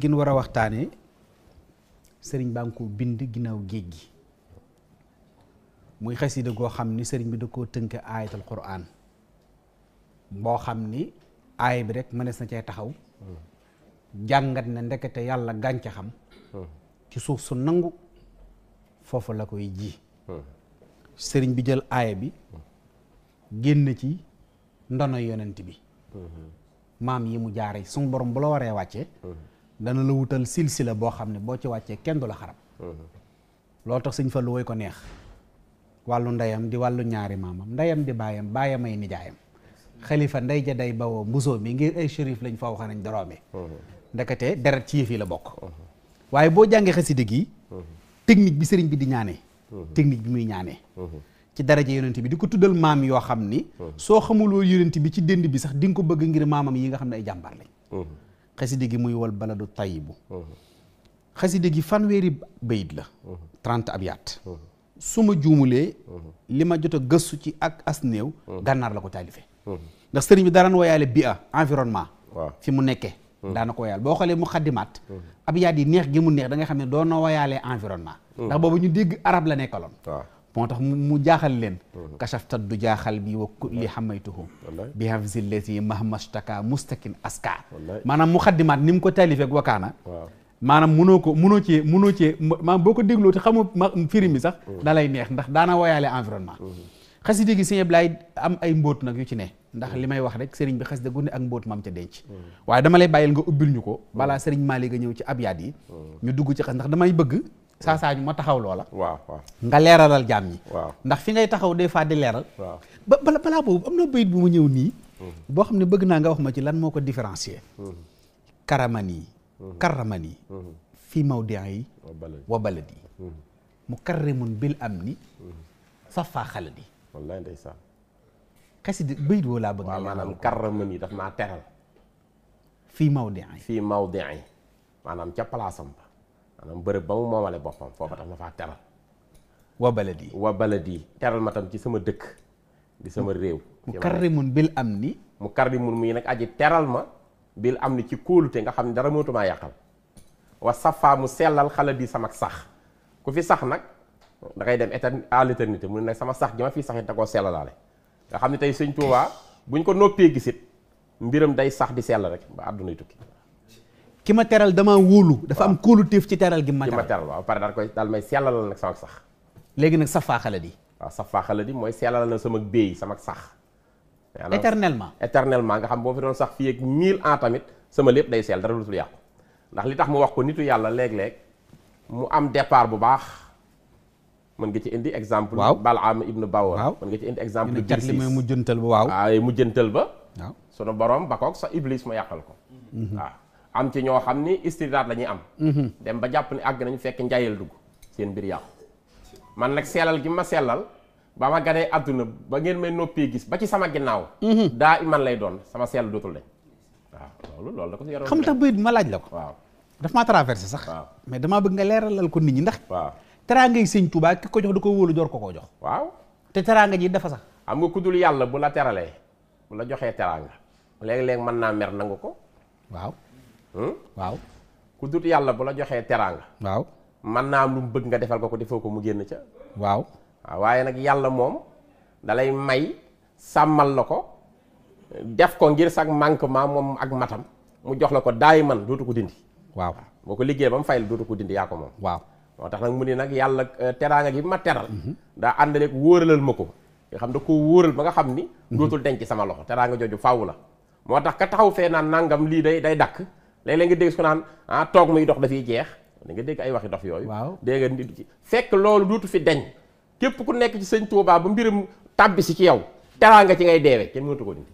gin war a waxtaane sëriñ baa ngi ko bind ginnaaw géej gi muy xasida goo xam ni sëriñ bi da koo tënk aayatul quraan boo xam ni aay bi rek mënees na cee taxaw jàngat na ndekete yàlla gàncaxam ci suuf su nangu foofu la koy ji sëriñ bi jël aaya bi génn ci ndono yonent bi maam yi mu jaare suñu borom bu la waree wàcce dana la wutal silsila boo xam ne boo ci wàccee kenn du la xarab mm-hmm. loolu tax sëñ Fallu woy ko neex wàllu ndeyam di wàllu ñaari maamam ndeyam di baayam baayam ay nijaayam xalifa ndey ja ba bawoo mbusoo mi ngir ay shérif lañ fa wax nañ doroome mm-hmm. ndekete deret ci yëf yi la bokk mm-hmm. waaye boo jàngee xasida gi technique bi sëriñ bi di ñaanee technique bi muy ñaanee ci daraja yonent bi di ko tuddal maam yoo xam ni soo xamuloo yonent bi ci dënd bi sax di nga ko bëgg ngir maamam yi nga ne ay jàmbaar lañ خسيدة جموي والبلد الطيب خسيدة جي فانويري بيدلا 30 أبيات سوما جملة لما جت قصتي أك أسنيو غنار لكو تالفة نستري مدارن ويا لبيا أنفيرون ما في منكة دانا كويا بوخلي مخدمات أبيات دي نير جمون نير دعنا خمين دونا ويا لأنفيرون ما دابا بني ديج عرب لنا كلام moo tax mu jaaxal leen mhm. kachafta du jaaxal bi wa kulli xamaytuhu bi hafzi lati mahmastaka mustakin aska maanaam muxaddimaat ni mu ko taalifeeg wakaana maanaam munoo ko munoo cee munoo cee maanaam boo ko dégloo te xamu firi mi sax mhm. da lay neex ndax daana woyaale environnement mhm. xasida gi sëñ Ablaay am ay mbóot nag yu ci ne ndax li may wax rek sëriñ bi xasida gu ne ak mbóot maam ci denc waaye dama lay bàyyil nga ubbil ñu ko balaa sëriñ Maalik ga ñëw ci abyaat yi ñu dugg ci xas ndax damay bëgg saa saa ñu ma taxaw loola. waaw waaw nga leeralal jaam yi waaw ndax fi ngay taxaw des fois di leeral. ba balaa boobu am na bayit bu ma ñëw nii. Mm-hmm. boo xam ne bëgg naa nga wax ma ci lan moo ko différencier. Mm-hmm. karamani. Mm-hmm. karamani. fii mawdiyan yi. mu karrimun bil am ni. safa xaladi. wallaay ndeysaan. xasida bayit woo laa bëgg. waaw maanaam fii mawdiyan yi. fii mawdiyan yi maanaam ca palaasam ba. manam bërëb ba mu moomale boppam teral wa baladi wa baladi teral matam ci sama dekk di sama rew mu bil amni. ni mu karrimun aji teral ma bil amni kikul ci kóolute nga xamni dara mootumaa yakal wa safa mu selal xala bi sama sax ku fi sax nak da ngay dem étern à l'éternité mu ne sama sax gi ma fi saxit da ko selalale nga xamni tay seigne touba buñ ko gisit mbiram day sax di sel rek ba àddunay tukki ki ma teral dama wóolu dafa am kóoluteef ci teral gi ma teral waaw pare daal koy daal may sellalal nag sama sax léegi nag safaa di waaw safaa xaladi mooy sellalal na sama béy sama sax éternellement éternellement nga xam boo fi doon sax fii ak mille ans tamit sama lépp day seel dara su yàqu ndax li tax mu wax ko nitu yàlla léeg-léeg mu am départ bu baax mën nga ci indi exemple Balaam ibnu Bawor mën nga ci indi exemple cat li mooy mujjantal ba waaw waaw mujjantal ba waaw sunu borom ba koog sa iblis ma yàqal ko mhm. am ci ño xamni ni lañuy am mhm. dem ba japp ni ag nañu fekk njaayal dug seen bir yàqu man nak selal gi ma selal ba ma gane aduna ba ngeen may noppi gis ba ci sama ginnaw mhm. daa iman lay doon sama sel dutul lañ waaw lolou lolou da ko yaro xam ta beuy ma laaj lako waaw daf ma traverser sax mais dama bëgg nga leeralal ko nit ñi ndax waaw teraangay sëñ Tuubaa ki ko jox da ko wolu jor ko ko jox waaw te teraanga ji dafa sax xam nga kudul yalla bu la teralé bu la joxé teranga léeg-léeg man na mer nangu ko waaw Hmm? waaw ku dut yàlla bu la joxee teraanga waaw man naa am lu mu bëgg nga defal ko ko defoo ko mu génn ca waaw waaw ah, waaye nag yàlla moom dalay may sàmmal la ko def ko ngir sax manquement moom ak matam mu jox la ko daay man dootu ko dindi waaw boo ko liggéey ba mu fay la dootu ko dindi yaa ko moom waaw moo tax nag mu ne nag yàlla euh, teraanga gi ma teral mhm. daa àndaleeg wóoralal ma ko nga xam da ko wóoral ba nga xam ni mhm. dootul denc sama loxo teraanga jooju faw la moo tax ka taxaw fee nangam lii day day dakk léeg nga dégg su naan ah toog muy dox dafay jeex da nga dégg ay waxi dox yooyu dégg nga nit ci fekk loolu duutu fi deñ képp ku nekk ci sëñ Tuubaa ba mbirum tàbbi si ci yow teraanga ci ngay deewee kenn mënatu ko dindi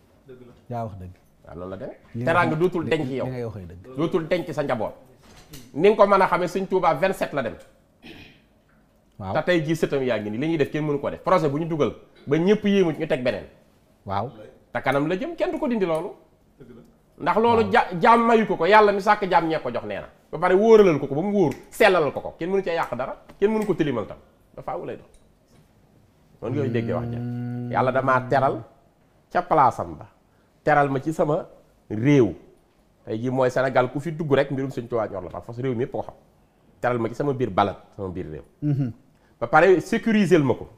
yaa wax dëgg loolu la demee teraanga dootul deñ ci yow dootul deñ ci sa njaboot ni ko mën a xamee sëñ Tuubaa 27 la dem waaw te tey jii sëtam yaa ngi nii li ñuy def kenn mënu ko def projet bu ñu dugal ba ñëpp yéemu ñu teg beneen waaw te la jëm kenn du ko dindi loolu ndax lolu jam mayu ko ko yalla mi sak jam ñee ko jox neena ba pare wóoralal ko ko ba mu wóor sellalal ko ko ken mënu ci yaq dara ken mënu ko tilimal tam da fa lay do non ngay déggee wax ja hmm. yalla dama teral ca palaasam ba teral ma ci sama rew tay jii moy senegal ku fi dugg rek mbirum seigne touba ñor la parce que rew mi po ko xam teral ma ci sama bir balat sama bir réew mm-hmm. ba pare sécuriser mako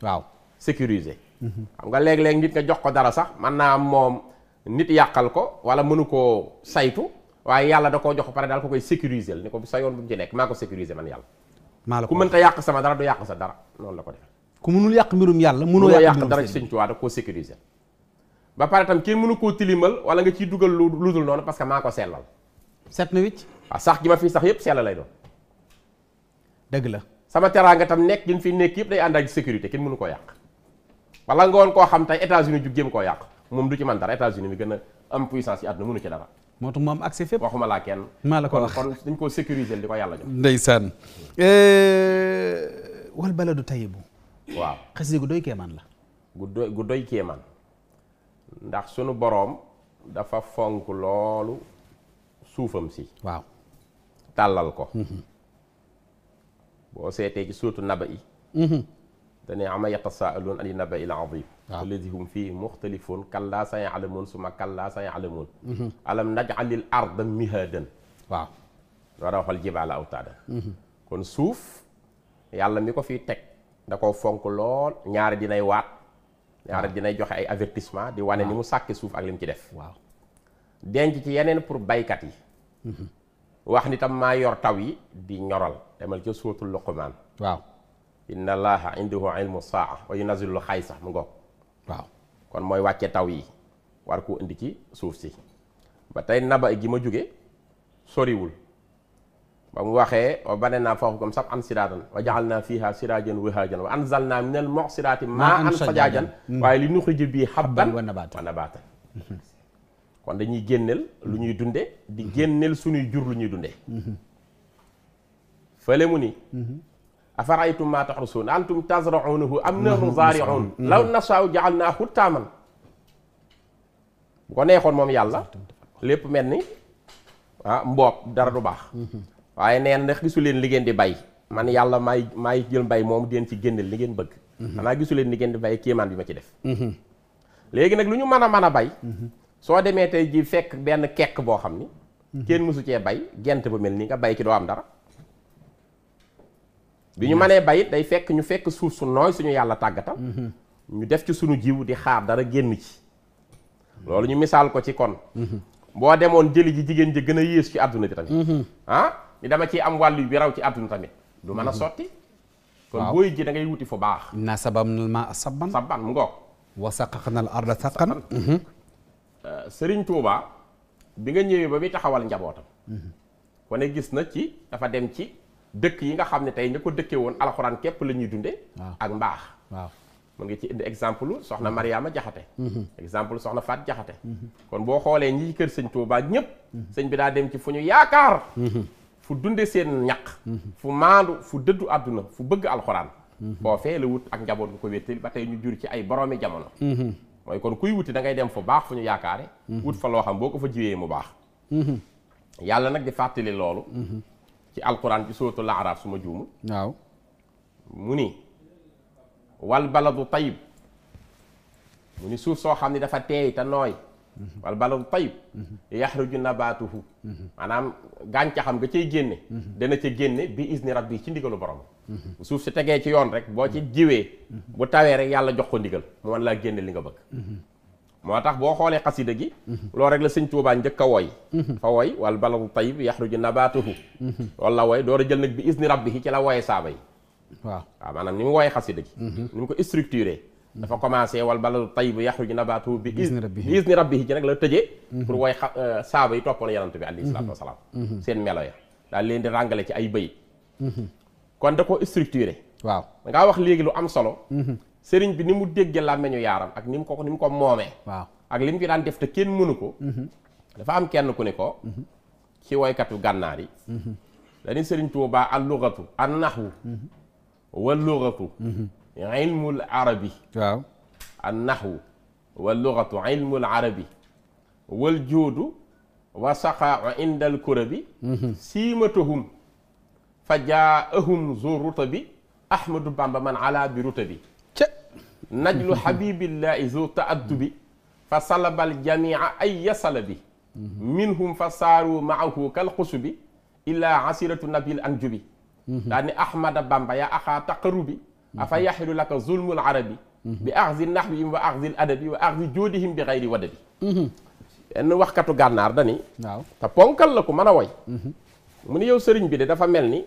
waaw sécuriser mm-hmm. xam nga léeg-léeg nit nga jox ko dara sax man na mom nit yàqal ko wala mënu koo saytu waaye yàlla da koo jox pare daal ko koy sécuriser ni ko sa yoon bu mu ci nekk maa ko sécuriser man yàlla maa ko ku mënta yàq sama dara du yàq sa dara noonu la ko def ku mënul yàq mbirum yàlla mënoo yàq dara ci sëñ waa da koo sécuriser ba pare tam kenn mënu koo tilimal wala nga ciy dugal lu lu dul noonu parce que maa ko sellal set na wicc waaw sax gi ma fii sax yëpp sella lay doon dëgg la sama teraanga tam nekk gi fi nekk yëpp day ànd ak sécurité kenn mënu koo yàq wala nga woon koo xam tey États-Unis ju jéem koo yàq moom du ci man dara États-Unis mi gën a am puissance yi àdduna mënu ci dara. moo tax mu am accès fépp waxuma laa kenn. maa la ko dañ koo sécuriser li ko yàlla jox. ndeysaan. Eh, wal baladu tayyibu. waaw xasida gu doy keemaan la. gu doy gu doy ndax sunu boroom dafa fonk loolu suufam si. waaw tàllal ko. Mhm. boo seetee ci suutu naba yi. Mhm. dane ama yatasaaluun ani naba il azim ولدهم فيه مختلفون كلا سيعلمون ثم كلا سيعلمون ألم نجعل الأرض مهادا وراه الجبال أوتادا كون سوف يالا ميكو في تك داكو فونك لول نيار دي ناي وات نيار دي ناي جوخ اي افيرتيسمان دي واني نيمو ساكي سوف اك ليمتي ديف واو دينج تي يينن بور بايكات يي واخني تام ما يور تاوي دي نيورال ديمال تي سوتو لقمان واو ان الله عنده علم الساعه وينزل الخيسه مغو waaw kon mooy wàcce taw yi war koo indi ci suuf si ba tey naba ji ma jóge soriwul ba mu waxee wa banayna fawqakum sab'an siraadan wa ja'alna fiha siraajan wahaajan wa anzalna moo al mu'siraati maa'an sajaajan hmm. waaye li nuxriju bi habban wa nabaatan kon dañuy génneel lu ñuy dunde di génneel suñuy jur lu ñuy dunde hmm. fële mu ni hmm. afaraytum maa taxrusuun antum tazraunahu am nahnu zaariuun law nasaaw jaalnaa huttaaman bu ko neexoon moom yàlla lépp mel ni ah mboob dara du baax waaye neen ndax gisu leen li ngeen di bay man yàlla maay maay jël mbay moom deen ci génneel li bëgg xanaa gisuleen leen li ngeen di bay kéemaan bi ma ci def léegi nag lu ñu mën a mën a bay soo demee tey ji fekk benn kekk boo xam ni kenn mësu cee bay gent bu mel nii nga bay ci doo am dara bi ñu mënee bay day fekk ñu fekk suuf su nooy suñu yàlla tàggatal mm-hmm. ñu def ci suñu jiw di xaar dara génn ci loolu ñu misaal ko ci kon mm-hmm. boo demoon jëli ji jigéen ji gën a yéesu ci àdduna bi tamit mm-hmm. ah ni dama ciy am wàllu bi raw ci àdduna tamit du mën a sotti kon booy ji da ngay wuti fu baax inna sababnal maa sabban sabban mu ngoog wa saqaqnal arda saqan sëriñ euh, Tuubaa bi nga ñëwee ba muy taxawal njabootam kone gis na ci dafa dem ci dëkk yi nga xam ne tey ña ko dëkkee woon alxuraan képp la dunde ak mbaax waaw mu ngi ci indi exemple soxna Mariama Jaxate mhm. exemple soxna Faat Jaxate mhm. kon boo xoolee ñi kër sëñ Tuubaa ñëpp mhm. sëñ bi daa dem ci fu ñu yaakaar fu dunde seen ñaq fu maandu fu dëddu àdduna fu bëgg alxuraan foo fee wut ak njaboot bu ko wéttali ba tey ñu jur ci ay boroomi jamono mooy kon kuy wuti da ngay dem fu baax fu ñu yaakaare wut fa loo xam boo ko fa jiwee mu baax nag di fàttali loolu ci alquran ci suratul araaf su ma juumul waaw mu ni wal baladu tayib mu ni suuf soo xam ne dafa teey te nooy wal baladu tayib yaxruju nabaatuhu maanaam gàncaxam nga cay génne dana ca génne bi izni rabbi ci ndigalu borom suuf si tegee ci yoon rek boo ci jiwee bu tawee rek yàlla jox ko ndigal mu mën laa génne li nga bëgg motax bo xolé qasida gi lo rek la seigne touba ndeuk a woy fa woy wal balad tayyib yahruju nabatuhu wala way do door nak bi izni rabbihi ci la woyee sabay yi waaw waaw maanaam ni mu gi ni ko structuré dafa commencer wal balad tayyib yahruju nabatuhu bi izni izni rabbihi ci nak la teje pour way sabay saaba yi toppoon ali sallallahu alayhi wasallam sen melo ya dal len di ràngale ci ay beuy kon da ko structuré waaw nga wax léegi lu am solo sëriñ bi ni mu dégge làmmeñu yaaram ak ni mu ko ni mu ko moomee waaw ak li mu fi daan def te kenn mënu ko dafa am kenn ku ne ko ci woykatu gànnaar yi dañu sëriñ Tuubaa al lugatu an naxwu wal lugatu ilmul arabi waaw an naxwu wal lugatu ilmul arabi wal joodu wa saqaa inda al kurabi siimatuhum fa jaahum zu rutabi ahmadu bamba man ala bi rutabi نجل حبيب الله ذو تأدب فصلب الجميع أي صلبي منهم فصاروا معه كالقصب إلا عسيرة النبي الأنجب لأن أحمد بامبا يا أخا تقربي أفيحل لك ظلم العربي بأخذ النحو وأخذ الأدب وأخذ جودهم بغير ودب أنا وقتو غانار داني تا بونكال لكو مانا واي من يو سيرن بي دا فا ملني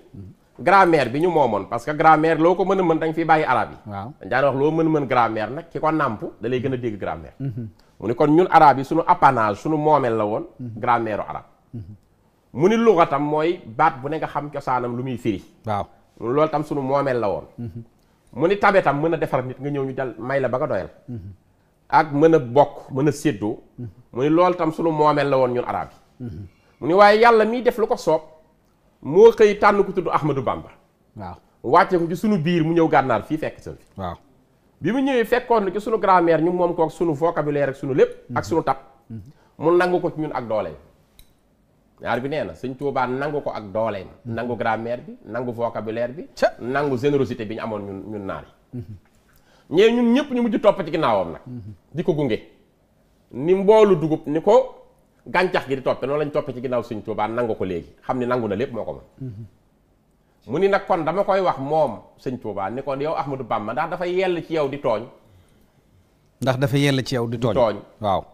grammaire bi ñu moomoon parce que grammaire loo ko mën a mën da nga fiy bàyyi arab yi waaw dañ daan wax loo mën a mën grammaire nag ki ko nàmp da gën a dégg grammaire mhm. mu ni kon ñun arab yi suñu apanage suñu moomeel la woon mhm. grammaire arab mhm. mu ni luxatam mooy baat bu ne nga xam cosaanam lu muy firi waaw loolu tam suñu moomeel la woon mu ni tabe tam mën a defar nit nga ñëw ñu dal may la ba nga ak mën a bokk mën a séddoo mu loolu tam suñu moomeel la woon ñun arab waaye yàlla miy def lu ko soob moo xëy tànn ku tudd Ahmadou Bamba. waaw wàcce ko ci sunu biir mu ñëw gànnaar fii fekk sa fi. waaw bi mu ñëwee fekkoon na ci sunu grammaire ñu moom ko ak sunu vocabulaire ak sunu lépp. ak sunu tab. mu nangu ko ci ñun ak dooleem. ñaar bi nee na sëñ Tuubaa nangu ko ak dooleem. nangu grammaire bi nangu vocabulaire bi. nangu générosité bi ñu amoon ñun ñun naar yi. ñee ñun ñëpp ñu mujj topp ci ginnaawam nag. di ko gunge. ni mboolu dugub ni ko. gàncax gi di toppe noonu lañ toppe ci ginnaaw sëñ Tuubaa nangu ko léegi xam ni nangu na lépp moo ko ma mu ni nag kon dama koy wax moom sëñ Tuubaa ni kon yow Ahmadou Bamba ndax dafa yell ci yow di tooñ ndax dafa yell ci yow di tooñ waaw